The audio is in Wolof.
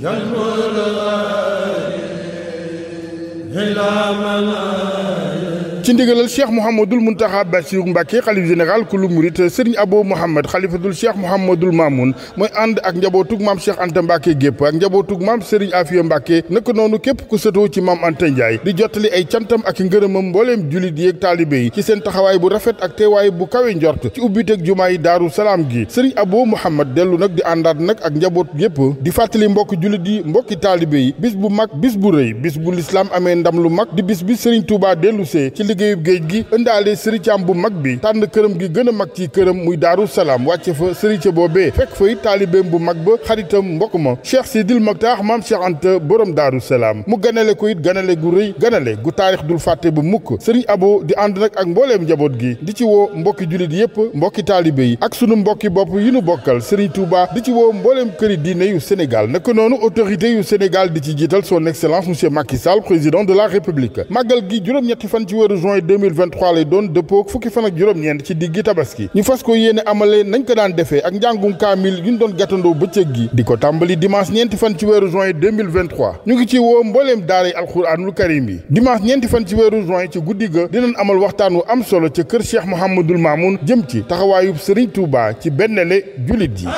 ينور الغالي إلى من ci ndigalal cheikh mouhamadul muntaxa basiru mbàkke xalif général kulu murit sëriñ abo mouhamad xalifatul cheikh mouhamadul mamoun mooy ànd ak njabootug maam cheikh anta mbàkke gépp ak njabootug maam sëriñ afiya mbàkke naka noonu képp ku sëtoo ci maam anta ndiaye di jottali ay cantam ak ngërëmam mbooleem julit yéeg taalibe yi ci seen taxawaay bu rafet ak teewaay bu kawe njort ci ubbiteg jumaa yi daaru salaam gi sëriñ abo mouhamad dellu nag di àndaat nag ak njaboot yépp di fàttali mbokk julit yi mbokki taalibe yi bis bu mag bis bu rëy bis bu lislaam amee ndam lu mag di bis bi sëriñ tuubaa dellu ci liggéeyub géej gi ëndaale sëricaam bu mag bi tànn këram gi gën a mag ci këram muy daaru salaam wàcce fa sërica boobee fekk fay taalibeem bu mag ba xaritam mbokk ma cheikh sidil moktaax maam cheikh anta borom daaru salaam mu ganale ko it ganale gu rëy ganale gu taarix dul fàtte bu mukk sëriñ abo di ànd nag ak mbooleem njaboot gi di ci woo mbokki jullit yépp mbokki taalibe yi ak sunu mbokki bopp yu nu bokkal sëriñ touba di ci woo mbooleem këri diine yu sénégal naka noonu autorité yu sénégal di ci jiital son excellence monsieur Macky Sall président de la république màggal gi juróom-ñetti fan ci juin 2023 lay doon dëppoo fukki fan ak juróom-ñeent ci diggi tabaski ñu fas ko yéene amalee nañ ko daan defee ak njàngum kaamil yuñ doon gàttandoo bëccëg gi di ko tàmbali dimanche ñeenti fan ci weeru juin 2023 ñu ngi ci woo mbooleem daaray alxuraanul karim yi dimanche ñeenti fan ci weeru juin ci guddi ga dinañ amal waxtaan wu am solo ca kër cheikh mouhamadul maamoun jëm ci taxawaayub sëriñ Touba ci bennle julit yi